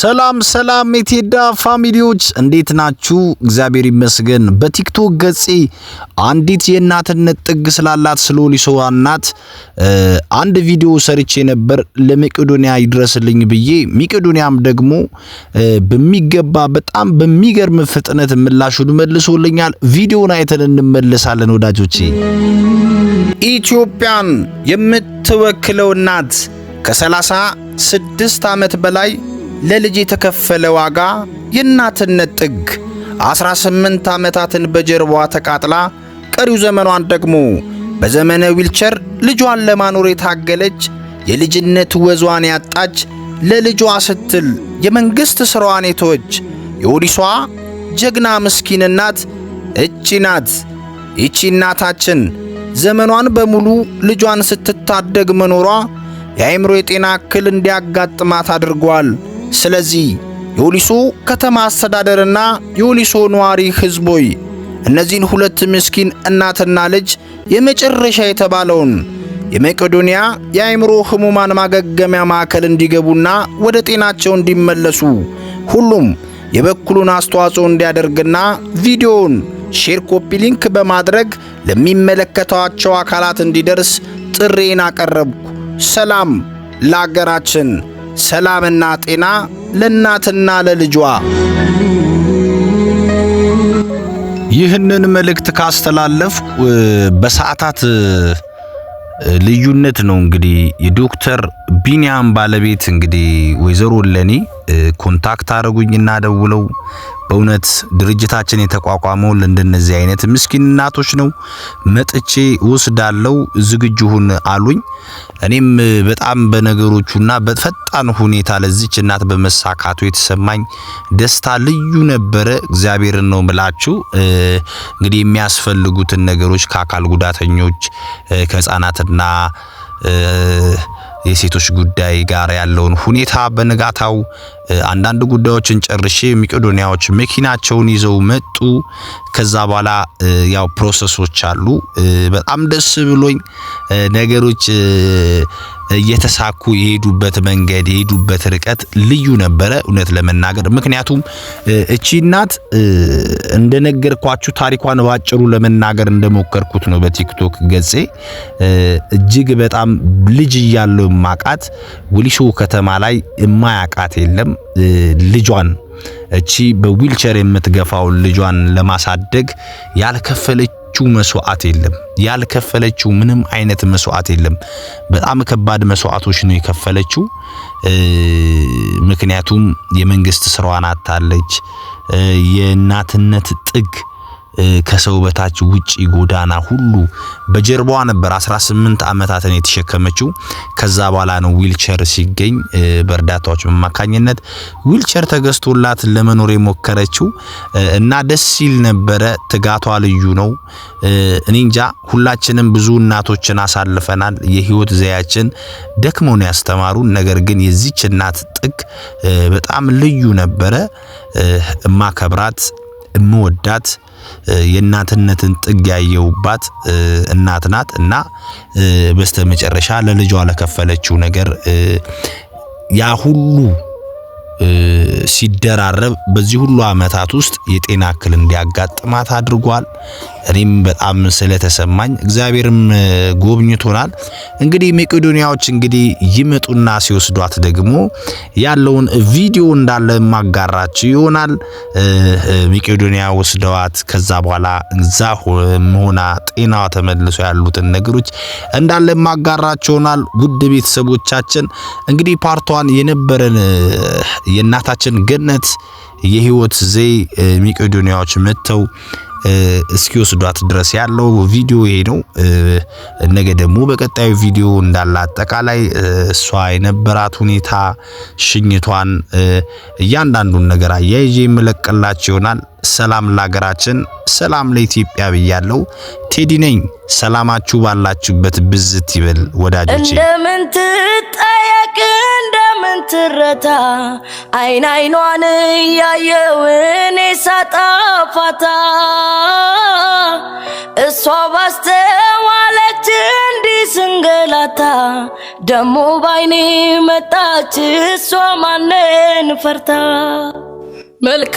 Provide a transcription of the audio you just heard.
ሰላም ሰላም የቴዳ ፋሚሊዎች እንዴት ናችሁ? እግዚአብሔር ይመስገን። በቲክቶክ ገጼ አንዲት የእናትነት ጥግ ስላላት ስለ ሊሶዋ እናት አንድ ቪዲዮ ሰርቼ ነበር። ለመቄዶንያ ይድረስልኝ ብዬ መቄዶንያም ደግሞ በሚገባ በጣም በሚገርም ፍጥነት ምላሹን መልሶልኛል። ቪዲዮን አይተን እንመለሳለን። ወዳጆቼ ኢትዮጵያን የምትወክለው እናት ከሰላሳ ስድስት ዓመት በላይ ለልጅ የተከፈለ ዋጋ የእናትነት ጥግ አስራ ስምንት ዓመታትን በጀርባዋ ተቃጥላ ቀሪው ዘመኗን ደግሞ በዘመነ ዊልቸር ልጇን ለማኖር የታገለች የልጅነት ወዟን ያጣች ለልጇ ስትል የመንግሥት ሥራዋን የተወች የኦዲሷ ጀግና ምስኪን እናት እቺ ናት። ይቺ እናታችን ዘመኗን በሙሉ ልጇን ስትታደግ መኖሯ የአእምሮ የጤና እክል እንዲያጋጥማት አድርጓል። ስለዚህ የወሊሶ ከተማ አስተዳደርና የወሊሶ ነዋሪ ህዝቦይ እነዚህን ሁለት ምስኪን እናትና ልጅ የመጨረሻ የተባለውን የመቄዶንያ የአእምሮ ህሙማን ማገገሚያ ማዕከል እንዲገቡና ወደ ጤናቸው እንዲመለሱ ሁሉም የበኩሉን አስተዋጽኦ እንዲያደርግና ቪዲዮውን ሼር፣ ኮፒ ሊንክ በማድረግ ለሚመለከታቸው አካላት እንዲደርስ ጥሬን አቀረብኩ። ሰላም ለአገራችን። ሰላምና ጤና ለእናትና ለልጇ። ይህንን መልእክት ካስተላለፍ በሰዓታት ልዩነት ነው እንግዲህ የዶክተር ቢንያም ባለቤት እንግዲህ ወይዘሮ ለኔ ኮንታክት አድርጉኝና ደውለው በእውነት ድርጅታችን የተቋቋመው ለእንደነዚህ አይነት ምስኪን እናቶች ነው። መጥቼ ዝግጁ ሁን አሉኝ። እኔም በጣም በነገሮቹና በፈጣን ሁኔታ ለዚች እናት በመሳካቱ የተሰማኝ ደስታ ልዩ ነበረ። እግዚአብሔርን ነው ምላችሁ። እንግዲህ የሚያስፈልጉትን ነገሮች ከአካል ጉዳተኞች ከህፃናትና የሴቶች ጉዳይ ጋር ያለውን ሁኔታ በንጋታው አንዳንድ ጉዳዮችን ጨርሼ መቄዶንያዎች መኪናቸውን ይዘው መጡ። ከዛ በኋላ ያው ፕሮሰሶች አሉ። በጣም ደስ ብሎኝ ነገሮች እየተሳኩ የሄዱበት መንገድ የሄዱበት ርቀት ልዩ ነበረ፣ እውነት ለመናገር ምክንያቱም እቺ እናት እንደነገርኳችሁ ታሪኳን ባጭሩ ለመናገር እንደሞከርኩት ነው። በቲክቶክ ገጼ እጅግ በጣም ልጅ እያለው ማቃት ወሊሶ ከተማ ላይ የማያቃት የለም ልጇን እቺ በዊልቸር የምትገፋውን ልጇን ለማሳደግ ያልከፈለች ያልከፈለችው መስዋዕት የለም። ያልከፈለችው ምንም አይነት መስዋዕት የለም። በጣም ከባድ መስዋዕቶች ነው የከፈለችው። ምክንያቱም የመንግስት ስራዋን አታለች። የእናትነት ጥግ ከሰው በታች ውጪ ጎዳና ሁሉ በጀርባዋ ነበር 18 ዓመታትን የተሸከመችው። ከዛ በኋላ ነው ዊልቸር ሲገኝ በእርዳታዎች አማካኝነት ዊልቸር ተገዝቶላት ለመኖር የሞከረችው እና ደስ ሲል ነበረ። ትጋቷ ልዩ ነው። እኔ እንጃ ሁላችንም ብዙ እናቶችን አሳልፈናል። የህይወት ዘያችን ደክመው ነው ያስተማሩን። ነገር ግን የዚች እናት ጥግ በጣም ልዩ ነበረ። እማከብራት እምወዳት የእናትነትን ጥግ ያየውባት እናት ናት እና በስተመጨረሻ ለልጇ ለከፈለችው ነገር ያ ሁሉ ሲደራረብ በዚህ ሁሉ ዓመታት ውስጥ የጤና እክል እንዲያጋጥማት አድርጓል። እኔም በጣም ስለተሰማኝ እግዚአብሔርም ጎብኝቶናል። እንግዲህ መቄዶንያዎች እንግዲህ ይመጡና ሲወስዷት ደግሞ ያለውን ቪዲዮ እንዳለ ማጋራች ይሆናል። መቄዶንያ ወስደዋት ከዛ በኋላ እዛ ሆና ጤናዋ ተመልሶ ያሉትን ነገሮች እንዳለ ማጋራች ይሆናል። ውድ ቤተሰቦቻችን እንግዲህ ፓርቷን የነበረን የእናታችን ገነት የህይወት ዘይ መቄዶንያዎች መጥተው እስኪወስዷት ድረስ ያለው ቪዲዮ ይሄ ነው። ነገ ደግሞ በቀጣዩ ቪዲዮ እንዳለ አጠቃላይ እሷ የነበራት ሁኔታ፣ ሽኝቷን፣ እያንዳንዱን ነገር አያይዤ የምለቅላችሁ ይሆናል። ሰላም ለሀገራችን ሰላም ለኢትዮጵያ ብያለው። ቴዲ ነኝ። ሰላማችሁ ባላችሁበት ብዝት ይበል ወዳጆቼ። እንደምን ትጠየቅ እንደምን ትረታ አይን አይኗን እያየው እኔ ሳጣፋታ እሷ ባስተዋለች እንዲህ ስንገላታ ደሞ ባይኔ መጣች እሷ ማንን ፈርታ መልካም